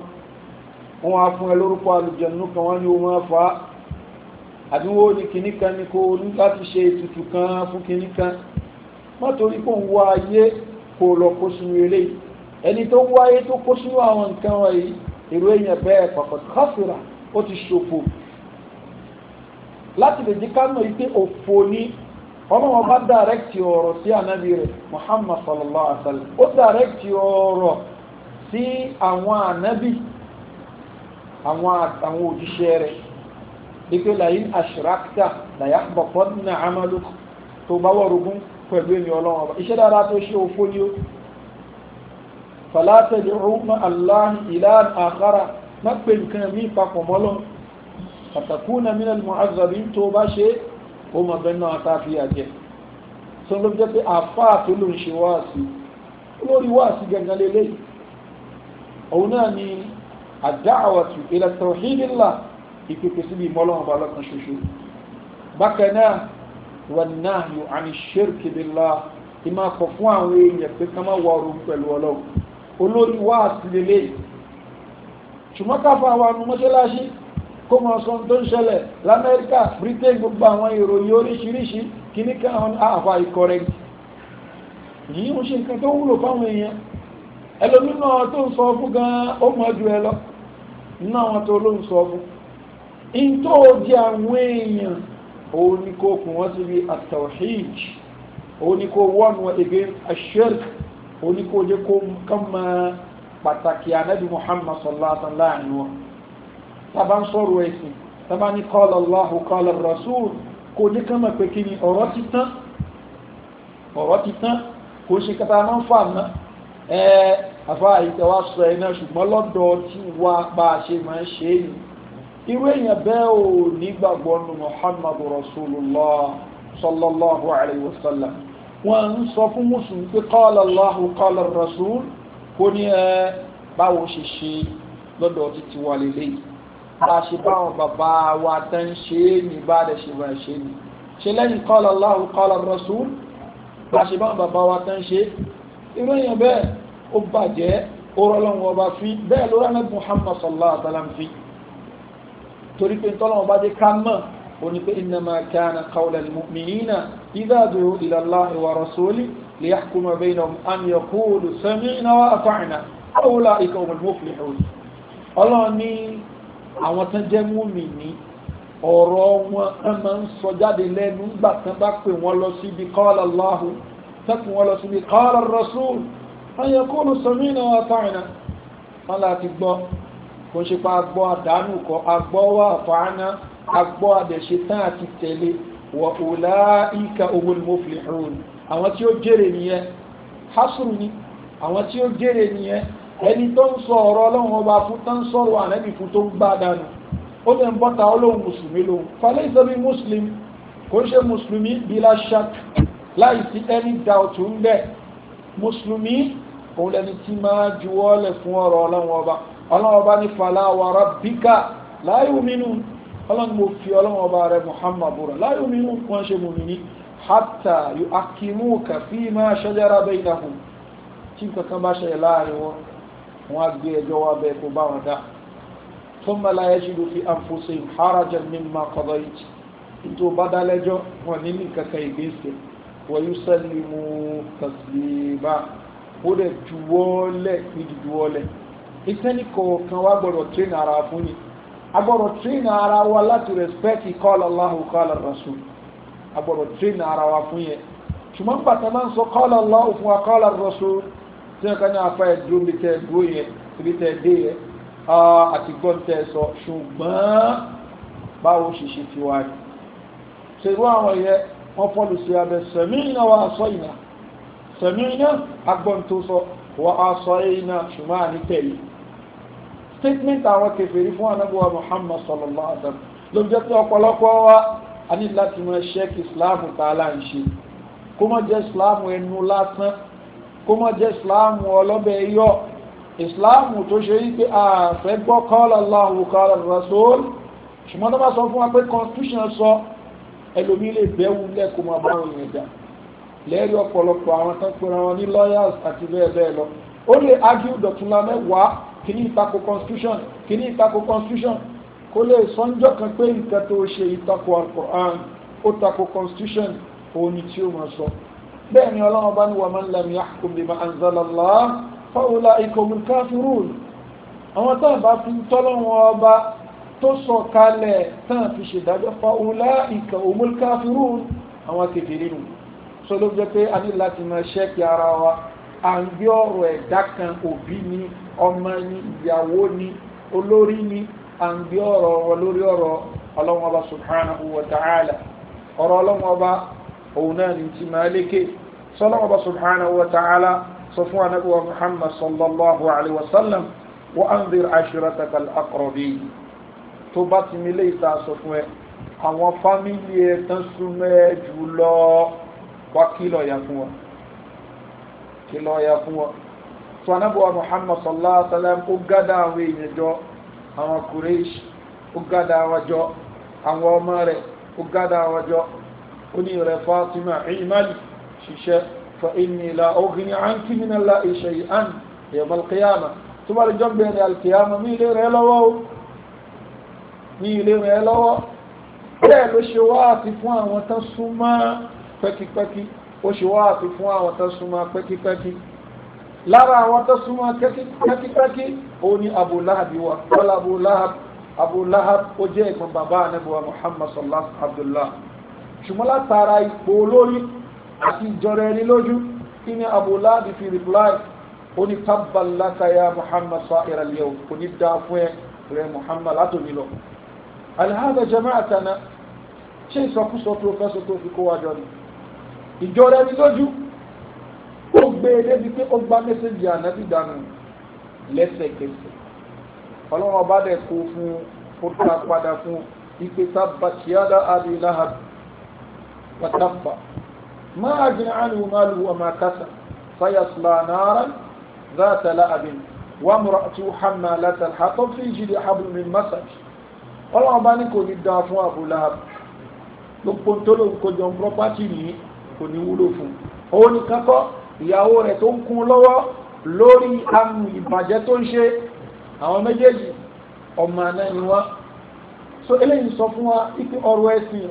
wọn á fún ẹ lórúkọ àlùjànnú kan wọn ni ó máa fà á àdúgbò ní kinní ni kó ní láti ṣe ètùtù kan fún kinní ma torí kó ń wá ayé kó lọ kó sínú eré ẹni tó wá ayé tó kó sínú àwọn nǹkan wọ̀nyí èrò èèyàn bẹ́ẹ̀ pàpọ̀ káfíra ó ti ṣòfò láti lè jí kánú ìpé òfò ní ọmọ wọn bá dàrẹ́kìtì ọ̀rọ̀ sí ànábì rẹ̀ Muhammad sallallahu alaihi ó dàrẹ́kìtì ọ̀rọ̀ sí àwọn ànábì àwọn òjíṣẹ́ rẹ̀ làyín pẹ̀lú èmi ọlọ́run ọba iṣẹ́ dáadáa tó ṣe òfó ni ó fala tad'u ma Allah ilahan akhara má pè nǹkan mí papọ̀ mọ́lọ́ fatakuna minal mu'azzabin tó bá ṣe ó mọ̀ bẹ́ẹ̀ náà tá a fi àjẹ́ sọ ló jẹ́ pé àfáà tó ló ń ṣe wáàsí wannahyu ani shirki billah ìmọ̀ kọ̀ fún àwọn èèyàn pé ká má wọrù pẹ̀lú ọlọ́run olórí wá àtìlélẹ̀ ṣùgbọ́n káfà wa nu mọ́ṣáláṣí kó máa sọ tó ń ṣẹlẹ̀ lamẹ́ríkà britain gbogbo àwọn ìròyìn oríṣiríṣi kìíní kan àwọn àfà ìkọrẹ́gì yìí ń ṣe nǹkan tó wúlò fáwọn èèyàn ẹlòmínà tó ń sọ fún gan ó mọ̀ ju ẹ lọ nínú àwọn tó ló ń sọ fún in tó jẹ àwọn èèyàn òun ni kó kún wọ́n síbi at-tawhid òun ni kó wọ́n wọn ebe ash-shirk òun ni kó jẹ́ kó kán máa pàtàkì anabi muhammad sallallahu alaihi wa sallam ni wọn tàbá ń sọ̀rọ̀ ẹ̀sìn tàbá ní qala Allahu qala rasul kò jẹ́ kán máa kí ni ọ̀rọ̀ ti tán ṣe kata máa ń fà náà ẹ àfa ìtẹ̀wá sọ ẹ̀ náà ṣùgbọ́n lọ́dọ̀ tí wàá bá a ṣe máa ń ṣe é yìí irú èèyàn bẹ́ẹ̀ ò ní gbàgbọ́ nu muhammadu rasulullah sallallahu alayhi wa sallam wọ́n ń sọ fún mùsùlùmí pé qala Allahu qala rasul kò ní ẹ báwo ṣe ṣe lọ́dọ̀ títí wà lélẹ́yìí bá a ṣe báwọn bàbá wa tán ṣe é ní bá a ṣe bá a ṣe ní ṣe lẹ́yìn qala Allahu qala rasul bá a ṣe báwọn bàbá wa tán ṣe irú èèyàn bẹ́ẹ̀ ó bàjẹ́ ó rọ́lọ́wọ́ bá fi bẹ́ẹ̀ ló rán muhammad sallallahu alayhi wa sallam fi torí pé tọ́lọ́wọ́n bá dé ká mọ̀ ó ní pé innama kana qawlal mu'minina idha du'u ila Allahi wa rasuli liyahkuma baynahum an yaqulu sami'na wa ata'na ulaika humul muflihun ọlọ́run ní àwọn tán jẹ́ mùmíní ọ̀rọ̀ wọn wọ́n máa ń sọ jáde lẹ́nu kò ń ṣe pa agbọ́ àdánù kọ agbọ́ wà fàánà agbọ́ àdẹ̀ṣe tán àti tẹ̀lé wọ òlà ìka owó ni mo fi hàn àwọn tí ó jèrè nìyẹn hasru ni àwọn tí ó jèrè nìyẹn ẹni tó ń sọ ọ̀rọ̀ ọlọ́run ọba fún tó ń sọ̀rọ̀ ànábì fún tó ń gbá dànù ó lè ń bọ́ta olóhùn mùsùlùmí lòun falẹ́ ìsọ́bí muslim kò ń ṣe mùsùlùmí bila shak láì sí any doubt ń bẹ́ẹ̀ mùsùlùmí òun lẹni tí máa juwọ́ lẹ̀ fún ọ̀rọ̀ ọlọ́run ọba ọlọ́wọ́ bá ní fàlà wa rabbika la yu'minun ọlọ́run mo fi ọlọ́wọ́ bá rẹ muhammad búra la yu'minun wọ́n ṣe mùmíní hatta yuhakkimuka fima shajara baynahum tí nǹkan kan bá ṣẹlẹ̀ láàrin wọn wọn á gbé ẹjọ́ wa bẹ́ẹ̀ kó bá wọn dá thumma la yajidu fi ìsẹ́ni kọ̀ọ̀kan wá gbọ́dọ̀ train ara fún ara láti respect qala Allahu qala Rasul a gbọ́dọ̀ train ara wa fún yẹn ṣùgbọ́n pàtàkì máa ń sọ qala Allahu fún wa qala tí kàn afa dúró bí ẹ dúró ẹ dé àti ẹ sọ ṣùgbọ́n báwo ṣe ti àwọn wa sọ statement àwọn kèfèrí fún anábọ̀wá Muhammad sallallahu alaihi wa sallam ló ń jẹ́ pé ọ̀pọ̀lọpọ̀ wa a ní láti mọ ṣẹ́kì ìsìláàmù tààlà ń ṣe kó má jẹ́ ìsìláàmù ẹnu lásán kó má jẹ́ ìsìláàmù ọlọ́bẹ̀ yọ ìsìláàmù tó ṣe yí pé àfẹ́ gbọ́ qala Allahu qala Rasul ṣùgbọ́n tó bá sọ fún wa pé constitution sọ ẹlòmí lè bẹ́wù lẹ́kùn máa bá àwọn èèyàn jà lẹ́rìí ọ̀pọ̀lọpọ̀ àwọn tán pera wọn ní lawyers àti bẹ́ẹ̀ bẹ́ẹ̀ lọ ó lè argue dọ̀túnla mẹ́wàá kìíní ìtakò constitution kìíní ìtakò constitution kó lè sọ́njọ́ kan pé nǹkan tó ṣe ìtakò alquran ó takò constitution òun ni tí ó máa sọ bẹ́ẹ̀ ni ọlọ́run bá ní wa man lam yahkum bima anzalallah fa ulaika humul kafirun àwọn táwọn bá fi tọ́lọ́wọ́n ọba tó sọ kalẹ̀ táwọn fi ṣèdájọ́ fa ulaika humul kafirun àwọn kékeré nù sọ ló jẹ́ pé a ní láti máa ṣẹ́kì ara wa à ń gbé ọ̀rọ̀ ẹ̀dá kan òbí ni ọmọ ni ìyàwó ni olórí ni à ń gbé ọ̀rọ̀ wọn lórí ọ̀rọ̀ ọlọ́wọ́n ọba subhanahu wa ta'ala ọ̀rọ̀ ọlọ́wọ́n ọba òun náà ní ti máa lékè sọlọ́wọ́n ọba subhanahu wa ta'ala sọ fún anabi wa muhammad sallallahu alayhi wa sallam wa anzir ashirataka al-aqrabin tó bá ti mi lé ìta sọ fún ẹ àwọn fámìlì ẹ tán súnmọ́ ẹ jù wá kìlọ̀ ya fún wa kìlọ̀ ya fún wa sọ̀nàbọ̀ muhammad sallallahu alayhi wa sallam ó gádà àwọn èèyàn jọ àwọn kureish ó gádà àwọn jọ àwọn ọmọ rẹ̀ ó gádà àwọn jọ ó ní rẹ̀ fatima imali ṣiṣẹ́ fa inni la ogun an kí min allah iṣẹ́ an yẹ̀mọ̀ alkiyama tó bá lè alkiyama mi ilé rẹ̀ lọ́wọ́ ní ilé rẹ̀ lọ́wọ́ bẹ́ẹ̀ ló ṣe wá àti fún àwọn tán súnmọ́ pẹ́kipẹ́ki ó ṣe wá àti fún àwọn tán súnmọ́ pẹ́kipẹ́ki lára àwọn tó súnmọ́ kẹ́kíkẹ́kí òun ni Abu Lahab wa kọ́lá Abu Lahab Abu Lahab ó jẹ́ ìgbọ̀n bàbá anábọ̀wá Muhammad sallallahu abdullah ṣùgbọ́n látara ipò olórí àti ìjọra ẹni lójú kí ni Abu Lahab fi reply ó ní tábàlákà ya Muhammad kò ní dá fún ẹ rẹ Muhammad látòmí lọ alhada jama'atana ṣé ìsọkúsọ tó fẹ́ sọ tó fi kó wájọ ni ìjọra ẹni lójú ó gbé e débi pé ó gba mẹ́sẹ̀gì ànábì dànù lẹ́sẹ̀kẹsẹ̀ ọlọ́run ọba dẹ̀ kó fún fúnra padà fún ipe tabbatíyádá abiláhà pátápá máa agbìn ánìwò máa lu ọmọ akásá sayasla náírà ذات لأب وامرأته حمالة الحطب في جيد حبل من مسج ọlọ́run bá ní kò ní dáa fún abúláàbù gbogbo tó lóun kò jọ ń pọ́pátì ní kò ní wúlò fún òun nìkan kọ́ ìyàwó rẹ̀ tó ń kún lọ́wọ́ lórí àmì ìbàjẹ́ tó ń ṣe àwọn méjèèjì ọmọ àná ni wọ́n so eléyìí sọ fún wa ipe ọ̀rọ̀ ẹ̀sìn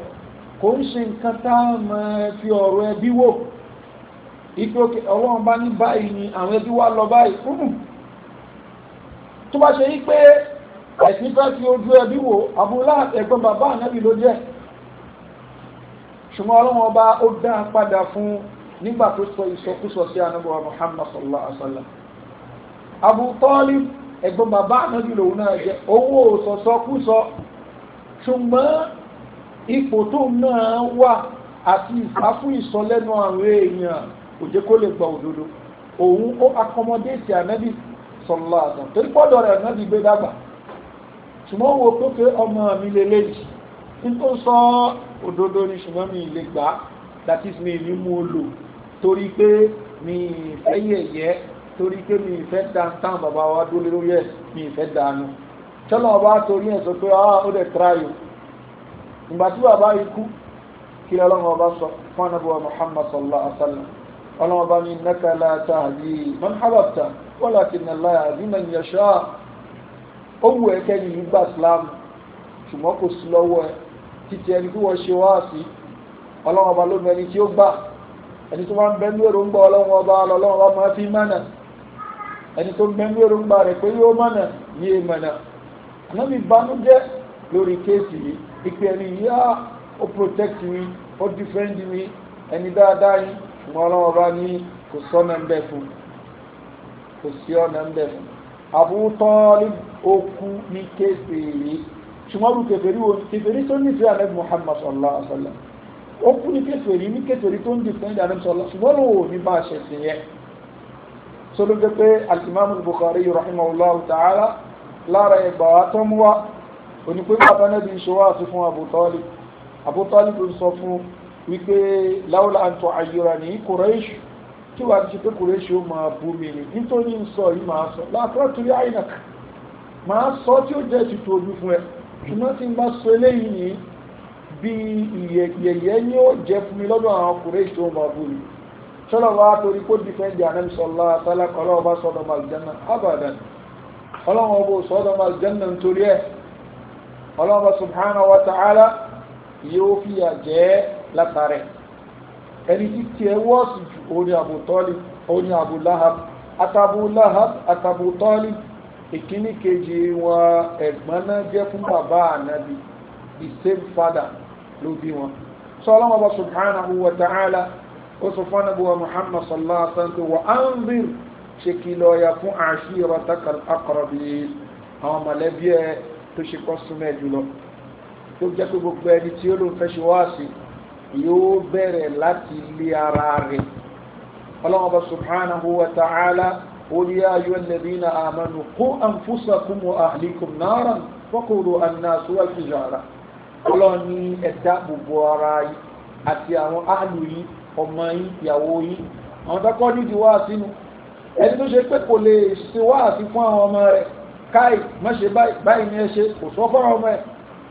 kò ń ṣe nǹkan tá a máa fi ọ̀rọ̀ ẹbí wò ipe òkè ọlọ́run bá ní báyìí ni àwọn ẹbí wa lọ báyìí hmm. tó bá ṣe yí pé ẹ̀sìn fẹ́ fi ojú ẹbí wò abúlá ẹ̀gbọ́n bàbá ànábì ló jẹ́ ṣùgbọ́n ọlọ́run ọba ó dá padà fún un nígbà tó sọ ìsọkúsọ sí anábọ̀wá Muhammad sallallahu alaihi wa sallam Abu Talib ẹ̀gbọ́n bàbá ànábì lòun náà jẹ́ owó sọ̀sọ́kúsọ ṣùgbọ́n ipò tó náà wà àti ìfàfún ìsọlẹ́nu àwọn èèyàn kò jẹ́ kó lè gba òdodo òun ó akọmọdéètì ànábì sọ̀lọ́ àtàn torí pọ́dọ̀ rẹ̀ ànábì gbé dàgbà ṣùgbọ́n wo tó pé ọmọ mi lè léjì ní sọ òdodo ni ṣùgbọ́n mi lè gbà that is mi ní mú lò torí pé mi ìfẹ́ yẹ̀yẹ́ torí pé mi ìfẹ́ da táwọn bàbá wa dúró lórí ẹ̀ mi ìfẹ́ dànù tọ́lọ̀ ọba torí ẹ̀ sọ pé ah ó dẹ̀ tíráyò ìgbà tí bàbá yìí kú kí ọlọ́run ọba sọ fún anábọ̀ Muhammad sallallahu alaihi wa sallam ọlọ́run ọba ní innaka la tahdi man ahbabta walakinna Allaha yahdi man yasha ó wù ẹ́ kẹ́ni yìí Islam ṣùgbọ́n kò sí lọ́wọ́ ẹ títí ẹni tí wọ́n ṣe wá sí ọlọ́run ọba ló mẹ́ni tí ó gbà ẹni tó wá ń bẹ́ńdú èròǹgbà ọlọ́run ọba ọlọ́run ọba máa fi mánà ẹni tó ń bẹ́ńdú èròǹgbà rẹ̀ pé yóò mánà yéé mánà ànábì banújẹ́ lórí kéèsì yìí ìpè ẹni yá ó protect mi ó defend mi ẹni dáadáa yìí ṣùgbọ́n ọlọ́run ọba ní kò sọ́nà ń bẹ̀ fún kò sí ọ̀nà ń bẹ̀ fún Abu Talib okú ní kéèsì yìí ṣùgbọ́n kèfèrí wo kèfèrí tó nífẹ̀ẹ́ ànábì Muhammad sallallahu ó kú ní kèfèrí ní kèfèrí tó ń dì fún ìdáná sọlá ṣùgbọ́n ló wò ní bá a ṣe sìn yẹn so ló jẹ́ pé alimami Bukhari rahimahullah ta'ala lára ẹgbà tó mú wa onípe bàbá náà di ìṣòwò àti fún Abu Talib Abu Talib ló sọ fún wípé láwùlà àǹtọ̀ àyíra ní Quraysh kí wàá ti pé Quraysh ó máa bú mi ni nítorí ń sọ yìí máa sọ láàpá torí àyìnà máa sọ tí ó jẹ́ ti tó fún ẹ ṣùgbọ́n tí n bá sọ eléyìí nìyí bí ìyẹ̀yẹ́ ni ó jẹ́ fún mi lọ́dọ̀ àwọn ọkùnrin èyí tó ń bá bú mi sọ́lọ́ wa torí kó dìfẹ́ǹdì ànábì sọ́lá sálá kọ́lọ́ ọba sọ́dọ̀ màlìjánná abadan ọlọ́run ọba sọ́dọ̀ màlìjánná nítorí ẹ̀ ọlọ́run ọba subhanahu wa ta'ala yóò fìyà jẹ́ látàrẹ̀ ẹni tí tiẹ̀ wọ́ọ̀sì ju oní Abu Talib oní Abu Lahab atabu Lahab atabu Talib ìkíní kejì wọn ẹ̀gbọ́n náà jẹ́ fún bàbá ànábì the same father ló bí wọn sọlọ́n ọba subhanahu wa ta'ala ó sọ fún anabuwa muhammad sallallahu alaihi wa sallam wa anzir ṣe kìlọ̀ ya fún ashiratak al-aqrabin àwọn mọ̀lẹ́bí ẹ tó ṣe kọ́ súnmọ́ ẹ jùlọ tó jẹ́ gbogbo ẹni tí ó ló fẹ́ ṣe wá sí yóò bẹ̀rẹ̀ láti lé ara rẹ̀ ọlọ́run ọba subhanahu wa ta'ala قل يا أيها الذين آمنوا قوا أنفسكم وأهليكم نارا وقولوا الناس والحجارة ọlọ́run ní ẹ̀dá gbogbo ara yìí àti àwọn áàlù yìí ọmọ yìí ìyàwó yìí àwọn tọ́kọ́ nídìí wá sínú ẹni tó ṣe pé kò lè ṣe wá àti fún àwọn ọmọ rẹ̀ káì má ṣe báyìí ní ẹ ṣe kò sọ fún ọmọ ẹ̀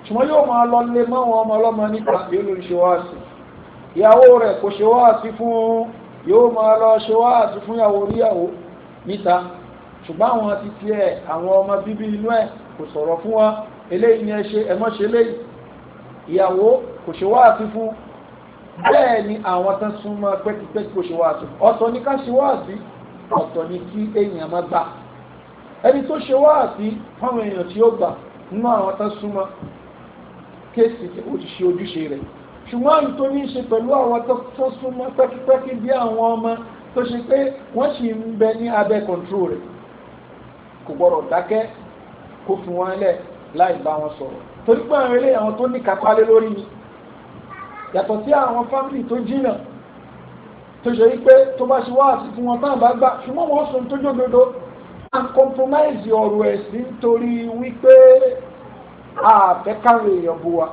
ṣùgbọ́n yóò máa lọ lé mọ́ ọmọ ọlọ́mọ nípa yóò ṣe wá sí ìyàwó rẹ̀ kò ṣe wá sí fún yóò máa lọ ṣe wá sí fún ìyàwó oníyàwó níta ṣùgbọ́n àwọn ti tiẹ̀ àwọn ọmọ bíbí inú ẹ̀ kò sọ̀rọ̀ fún wa eléyìí ni ẹ ṣe ẹ mọ́ ṣe eléyìí ìyàwó kò ṣe wáàsí fún bẹ́ẹ̀ ni àwọn tán súnmọ́ pẹ́kipẹ́kí kò ṣe wáàsí fún ọ̀tọ̀ ní ká ṣe wáàsí ọ̀tọ̀ ni kí èèyàn má gbà ẹni tó ṣe wáàsí fáwọn èèyàn tí ó gbà nínú àwọn tán súnmọ́ kéèsì tí ó ti ṣe ojúṣe rẹ̀ ṣùgbọ́n àyè tó ní ṣe pẹ̀lú àwọn tó súnmọ́ pẹ́kipẹ́kí bí àwọn ọmọ tó ṣe pé wọ́n sì ń bẹ ní abẹ́ kọ̀ǹtró rẹ̀ kò gbọ́dọ̀ dákẹ́ kó fi wọn lẹ̀ láì bá wọn sọ̀rọ̀ torí pé àwọn ilé àwọn tó ní kápálẹ́ lórí ni yàtọ̀ sí àwọn fámìlì tó jìnnà tó ṣe wípé tó bá ṣe wá àsìkò wọn táwọn bá gbà ṣùgbọ́n wọ́n sùn tó jódodo à ń compromise ọ̀rọ̀ ẹ̀sìn torí wípé àfẹ́kàwé èèyàn bu wa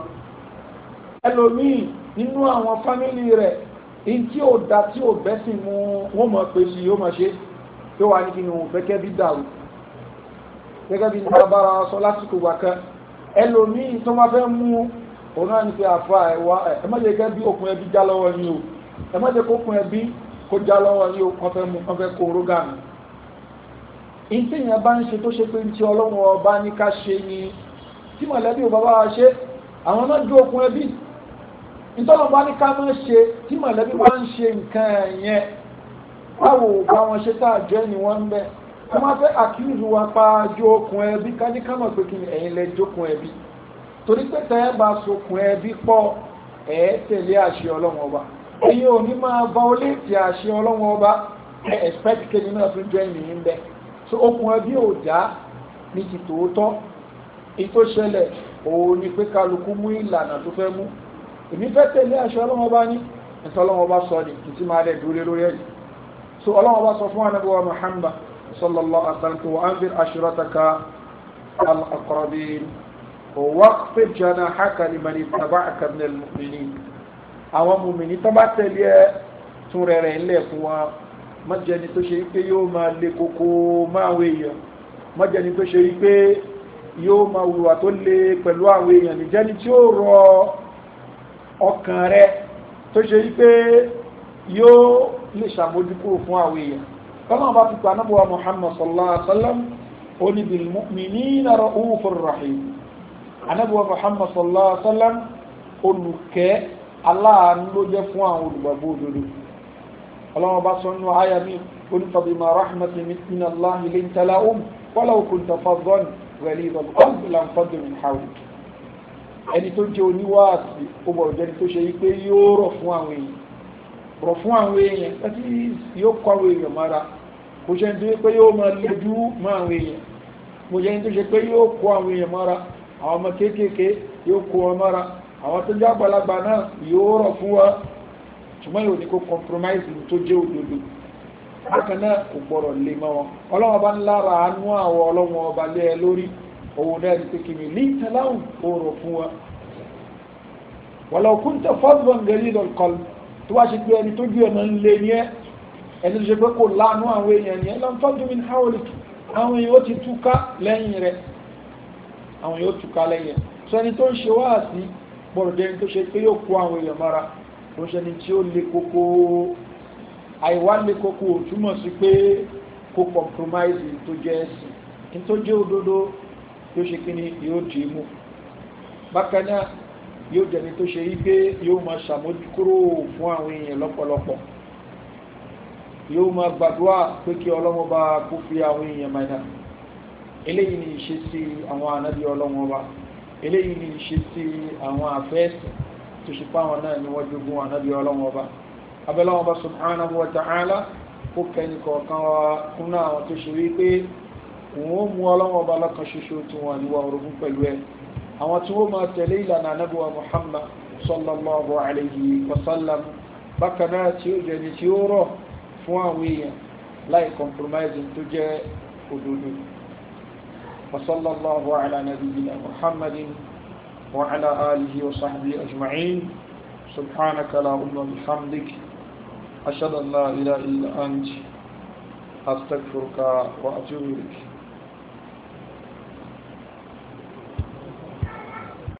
ẹlòmíì nínú àwọn fámìlì rẹ̀ in tí ò da tí ò bẹ́sìn mu wọ́n mọ̀ pé sí yóò mọ̀ ṣe pé wà ní kí ni òun fẹ́kẹ́ bí dàrú gẹ́gẹ́ bí ní abára sọ lásìkò wà ẹlòmíì tó máa fẹ́ mú òun náà ní pé àfa ẹ̀wà ẹ gẹ́gẹ́ bí okùn ẹbí já lọ́wọ́ yín o ẹ kó okùn ẹbí kó já lọ́wọ́ yín o wọ́n mú wọ́n kó orógà mi. ìtì yẹn bá ń ṣe tó ṣe pé ti ọlọ́run ọba ní ká ṣe ni tí mọ̀lẹ́bí ò bàbá wa ṣe àwọn náà ju okùn ẹbí ìtọ́nà bá ní ká máa ṣe tí mọ̀lẹ́bí bá ń ṣe nǹkan yẹn báwo bá wọn ṣe tá àjọ ẹni wọn ń bẹ́ẹ̀ wọ́n máa fẹ́ àkíyèsí wa pa ju okùn ẹbí ká ní ká mọ̀ pé kí ni ẹ̀yin lẹ jókun ẹbí torí pé tẹ́ ẹ bá sokùn ẹbí pọ̀ ẹ̀ tẹ̀lé àṣẹ ọlọ́run ọba ẹ̀yin ò ní máa bá ó léètì àṣẹ ọlọ́run ọba ẹ̀ expect kejì náà tún jẹ́ ìyìn ń bẹ so okùn ẹbí ò já ní ti tòótọ́ ìtò ṣẹlẹ̀ òun ni pé kálukú mú ìlànà tó fẹ́ mú èmi fẹ́ tẹ̀lé àṣẹ ọlọ́run ọba ní ẹ̀sọ́ ni kìtì máa lẹ̀ so ọlọ́run ọba sọ fún ànábì صلى الله عليه وسلم وأنذر عشيرتك الأقربين واخفض جناحك لمن اتبعك من المؤمنين àwọn mùmìnì tó bá tẹ̀lé ẹ tún rẹ̀ rẹ̀ ńlẹ̀ fún wa mọ́jẹni tó ṣe wípé yóò máa le koko máàwọn èèyàn mọ́jẹni tó ṣe wípé yóò máa wùwà tó le pẹ̀lú àwọn èèyàn nìjẹni tí ó rọ ọkàn rẹ̀ tó ṣe wípé yóò lè ṣàmójúkúrò fún àwọn èèyàn tọ́lọ́wọ́n bá ti pa anábọ̀ wa muhammad sallallahu alaihi wa sallam ó ní bil mu'minina ra'ufur rahim anábọ̀ wa muhammad sallallahu alaihi wa sallam olùkẹ́ aláàánú ló jẹ́ fún àwọn olùgbàgbọ́ òdodo ọlọ́wọ́n bá sọ nínú àyà mi ó ní fabima rahmatin min allah linta lahum walaw kunta faddan ghalid al-qalb lanfaddu min hawlik ẹni tó jẹ́ oníwáàsí ó bọ̀rọ̀ jẹ́ni tó ṣe wípé yóò rọ̀ fún àwọn èèyàn rọ̀ fún àwọn èèyàn láti yóò kọ́ àwọn èèyàn mára kò ṣe tó pé yóò máa lójú máa àwọn èèyàn kò ṣe tó ṣe pé yóò kó àwọn èèyàn mọ́ra àwọn ọmọ kéékèèké yóò kó wọn mọ́ra àwọn tó jẹ́ àgbàlagbà náà yóò rọ̀ fún wa ṣùgbọ́n yóò ní kó compromise tó jẹ́ òdodo bákan náà kò gbọ́dọ̀ lè mọ́ wọn ọlọ́wọ́n bá ń lára àánú àwọn ọlọ́wọ́n ọba lé ẹ lórí owó náà ní pé kìíní ní ìtàláhùn ó rọ̀ fún wa wọ́lọ́kùn tó fọ́ọ̀bọ̀n gẹ̀rí tó wá ṣe pé ẹni tó ju ẹ̀ ń lé ní ẹ́ ẹni tó ṣe pé kò láàánú àwọn èèyàn ni ẹlọ́n tọ́jú mi hawlik àwọn èèyàn ó ti túká lẹ́yìn rẹ̀ àwọn èèyàn ó túká lẹ́yìn rẹ̀ sọ ẹni tó ń ṣe wá sí bọ̀rọ̀dẹ́ ẹni tó ṣe pé yóò kó àwọn èèyàn mara kò ṣe ni tí ó le koko àìwá le koko ò túmọ̀ sí pé kò compromise tó jẹ́ ẹ̀sìn ní tó jẹ́ òdodo yóò ṣe kí ni yóò dì í mú bákan náà yóò jẹ́ni tó ṣe yí pé yóò máa ṣàmójúkúrò fún àwọn èèyàn lọ́pọ̀lọpọ̀ yóò máa gbàdúrà pé kí ọlọ́mọba kó fi àwọn èèyàn mẹ́ta eléyìí ni ìṣe sí àwọn ànábì ọlọ́mọba eléyìí ni ìṣe sí àwọn àfẹ́ẹ̀sì tó ṣe fáwọn náà ni wọ́n jogún ànábì ọlọ́mọba abẹ́lọ́mọba subhanahu wa ta'ala ó kẹ́ni kọ̀ọ̀kan wa kúnná àwọn tó ṣe wípé òun ó mú ọlọ́mọba lọ́kan ṣoṣo tí wọ́n ní wa orogún pẹ̀lú ẹ àwọn tí wọ́n máa tẹ̀lé ìlànà ànábì wa Muhammad sallallahu alayhi wa sallam bákan náà tí ó jẹ́ni tí ó rọ̀ fún àwọn èèyàn tó jẹ́ òdodo وصلى الله على نبينا محمد وعلى آله وصحبه أجمعين سبحانك اللهم بحمدك أشهد أن لا إله إلا أنت أستغفرك وأتوب إليك